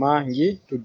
maa ngi tudd.